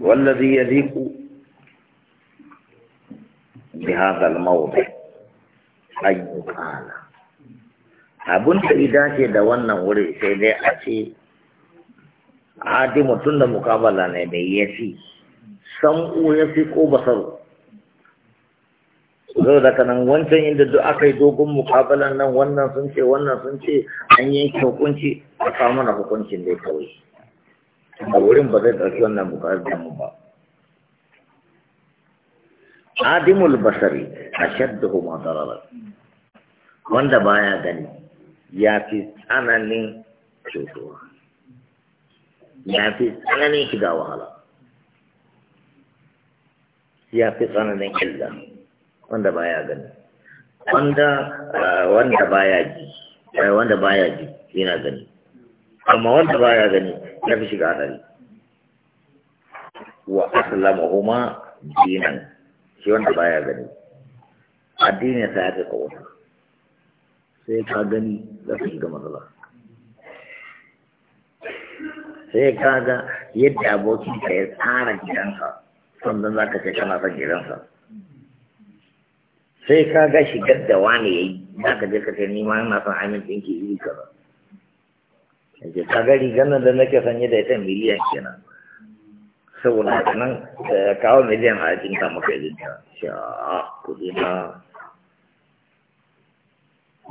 والذي يليق بهذا الموضع أن يقال abun da idace da wannan wuri sai dai a ce adi tun da mukabala ne mai yafi sam'u ya fi ko basaru zai da kanan wancan inda duk aka yi dogon mukabalan nan wannan sun ce wannan sun ce an yanke hukunci a samu na hukuncin dai kawai a wurin ba zai ɗauki wannan bukatar damu ba adimul basari a shadda kuma tararar wanda baya gani ya fi tsananin cutuwa ya fi tsananin shiga wahala ya fi tsananin illa wanda baya gani wanda ah, wanda baya ji eh, wanda baya ji yana gani amma wanda baya gani ya fi shiga hadari wa aslama huma dinan shi wanda baya gani addinin sa ya fi kawata sai ka gani za ka shiga matsala sai ka ga yadda abokin ka ya tsara gidansa sannan za ka ce kana son gidansa sai ka ga shigar da wani ya yi za ka je ka ce ni ma ina son amin ɗinki iri kaza yake kaga rigar nan da nake sanye da ita miliyan kenan saboda haka nan kawo miliyan a jinka maka ilinta sha kudi na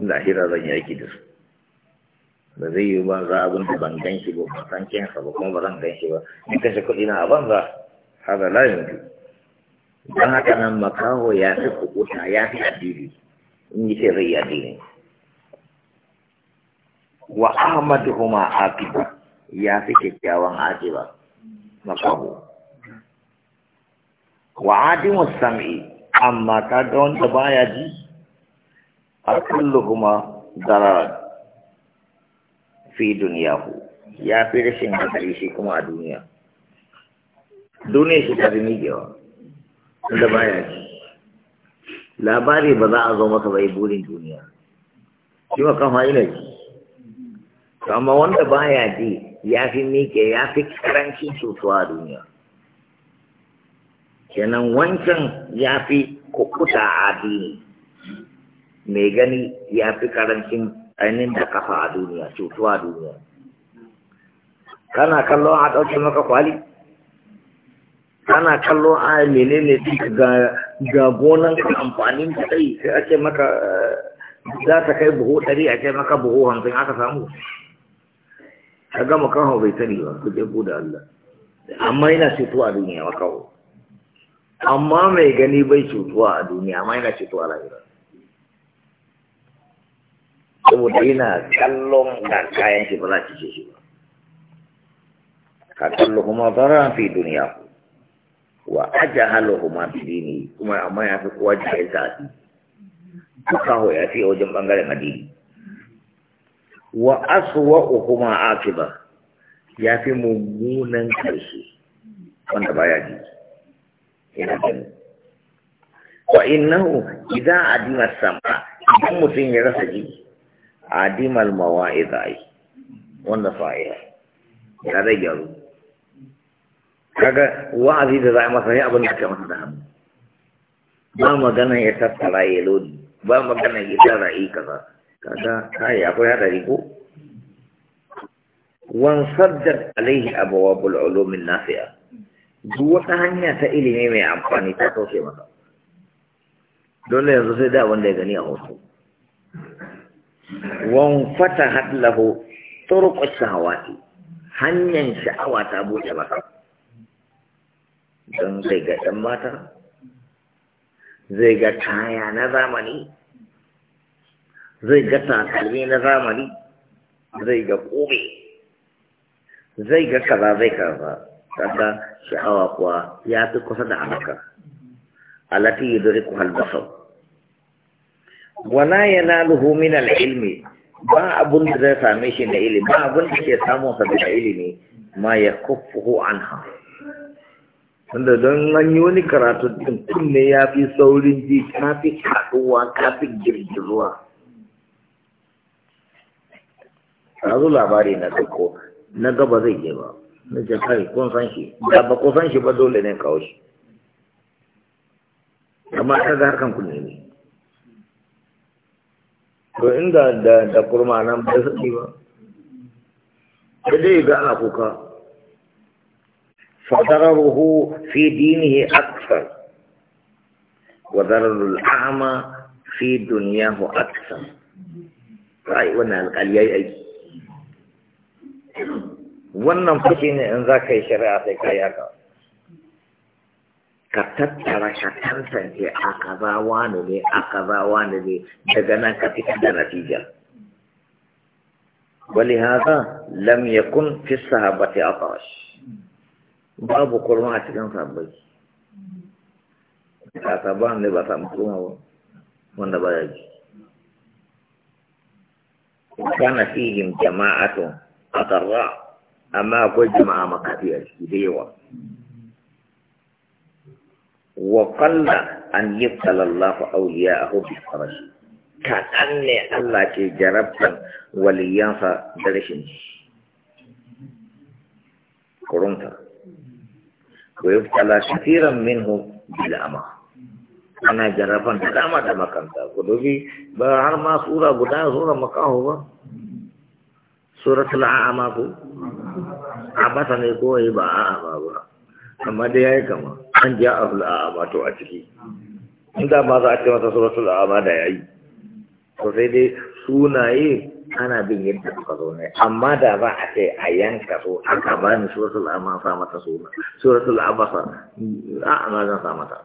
lahira zan yaki da su ba zai yi ba za abin da ban gan shi ba ban san kinsa ba kuma ba zan gan shi ba in kashe kuɗi na a banza haka layin ku don haka nan makaho ya fi kukuta ya fi addini in yi ce zai yi addini wa ahmaduhuma aqiba ya fi kyakkyawan aqiba makamu wa adimu sam'i amma ka ga wanda baya ji a kulluhuma darar fi duniyahu ya fi rashin hankali shi kuma a duniya duniya shi ta fi miƙewa wanda baya ji labari ba za a zo masa bai burin duniya shi ma kan fa'ila ji amma wanda baya ji ya fi miƙe ya fi karancin cutuwa a duniya kenan wancan ya fi kukuta a addini mai gani ya fi karancin ainihin da kafa a duniya cutuwa a duniya kana kallo a ɗauke maka kwali kana kallo a menene ga ga gonan ka amfanin ka sai a ce maka eh, za ta kai buhu ɗari a ce maka buhu hamsin aka samu ka gama kawo bai sani ba ku je da Allah amma yana cutuwa a duniya makaho amma mai gani bai cutuwa a duniya amma yana cutuwa a lahira saboda yana kallon da kayan shi ba za ki ce shi ba ka kallo kuma zara fi duniya ku wa aja halo kuma fi dini kuma amma ya fi kowa jahil ta duka ho ya fi wajen bangaren addini wa aswa'u kuma akiba ya fi mummunan karshe wanda baya ji ina gani wa innahu idan adima sama idan mutum ya rasa ji adimal mawa'iza ai wanda fa'iha ya zai gyaru kaga wa'azi da za a masa sai abin da aka masa da hannu ba magana ya tattara ya lodi ba magana ya tara yi kaza kaga apa akwai hadari ko wan saddad alaihi abwabul ulumin nafi'a dua wata hanya ta ilimi mai amfani ta ke maka. dole yanzu sai da wanda ya gani a hoto wan fatahat lahu turuq shahawati hanyan sha'awa ta buɗe masa don zai ga dan mata zai ga kaya na zamani zai ga takalmi na zamani zai ga kome zai ga kaza zai kaza kaga sha'awa kuwa ya fi kusa da alaka alati yudriku hal basar wala yanaluhu min al ilmi ba abun da zai same shi na ilimi ba abun da ke samun sa daga ilimi ma ya an anha wanda don an yi wani karatu din kunne ya fi saurin ji ka fi kaɗuwa ka fi girgizuwa yanzu labari na ɗauko na gaba zai je ba na ce kai kun san shi da ba ku san shi ba dole ne kawo shi amma ta ga harkan ku ne to inda da da kurma nan ba su ba sai dai ga ana kuka فضرره في دينه أكثر وضرر الأعمى في دنياه أكثر رأي وانا القليل أي wannan fushi ne in za ka yi shari'a sai ka yi ka tattara ka tantance a kaza wani ne a kaza wani ne daga nan ka fitar da natijar ولهذا لم يكن في الصحابة babu kurma a cikin sahabbai ka saban ne ba ta kuma wanda ba ya ji kana fihim jama'atun أضراء أما أقول جماعة مكافئة ديوة وقل أن يبتل الله أولياءه بالفرج كأن الله جربت وليانسى درشن قرنت ويبتلى كثيرا منه بالأمى أنا جربت جربا كلامة مكانتا قلوبي بأعلم ما سورة قدام سورة مكاهو suratul a'ama ko abasa ne ko yi ba a'ama ba amma dai yayi kama an ji abul a'ama to a ciki inda ba za a ce masa suratul a'ama da yayi to sai dai sunaye ana bin yadda suka zo ne amma da ba a ce a yanka so aka ba ni suratul a'ama sa mata suna suratul abasa a'ama zan sa mata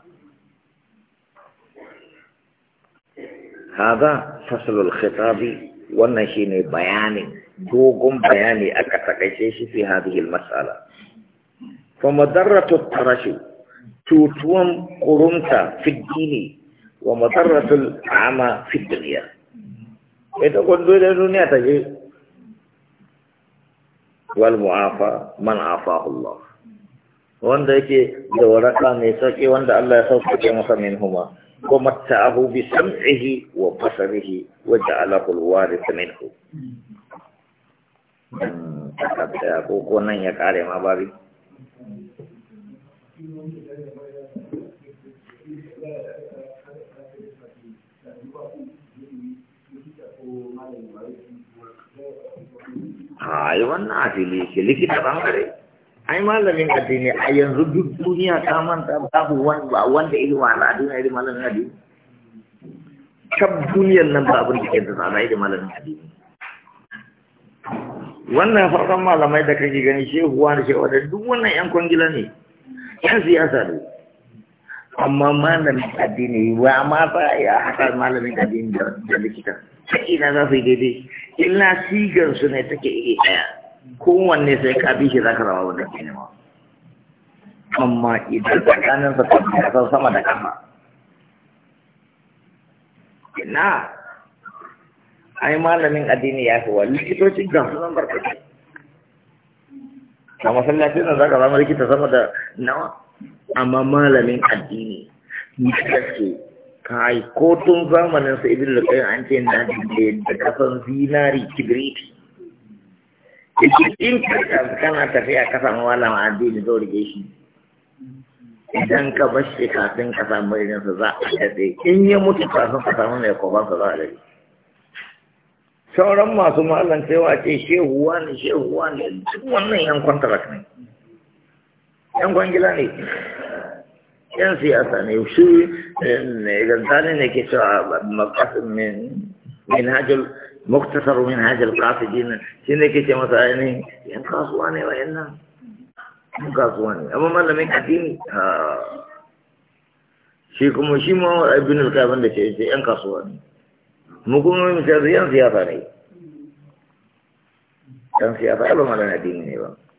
هذا فصل الخطاب wannan shine bayanin dogon bayani aka takaice shi fi hadhihi mas'ala fa madarratu tarashi tutuwan kurunta fi dini wa madarratu ama fi dunya ita gondo da duniya ta je wal mu'afa man afahu Allah wanda yake da waraka mai sauki wanda Allah ya sauke masa min huma ومتعه بسمعه وبصره وجعله الوارث منه ko nan ya kare ma babi a yi wannan a fili ke likita bangare ai malamin addini a yanzu duk duniya ta manta babu wanda iri wala a duniya iri malamin addini kab duniyar nan ba abin da ke da tsada iri malamin addini wannan farkon malamai da kake gani shehuwa da shehuwa da duk wannan yan kwangila ne yan siyasa ne amma malamin addini ba ma fa ya haka malamin addini da likita ta ina za su yi daidai Ina sigan su ne take iri ɗaya kowanne sai ka bi shi za ka rawa wanda ke nema amma idan tsakanin sa kan sama da kama ina ai malamin addini ya fi wani likitocin ga su zan barkaci a masallacin da za ka zama likita sama da nawa amma malamin addini ni ce kai ko tun zamanin sa ibn lukayn an ce na da kasan zinari kibiriti in kana tafiya ka samu malama addini zo rike shi idan ka bar shi kafin ka samu su za a daɗe in ya mutu kafin ka samu mai kwabansa za a daɗe sauran masu malan cewa ce shehuwa ne shehuwa ne duk wannan yan kwantarak ne yan kwangila ne yan siyasa ne shi eh, ne idan ne ke cewa makasin min hajjul مختصر من هذا القاصدين شنو كيتي مثلا يعني يعني قاصواني وإلا قاصواني أما ما لم يكتيني shi kuma shi ma ibn al-qayyim da ce ce yan kasuwa ne mu kuma mu yan siyasa ne yan siyasa ba ma addini ne ba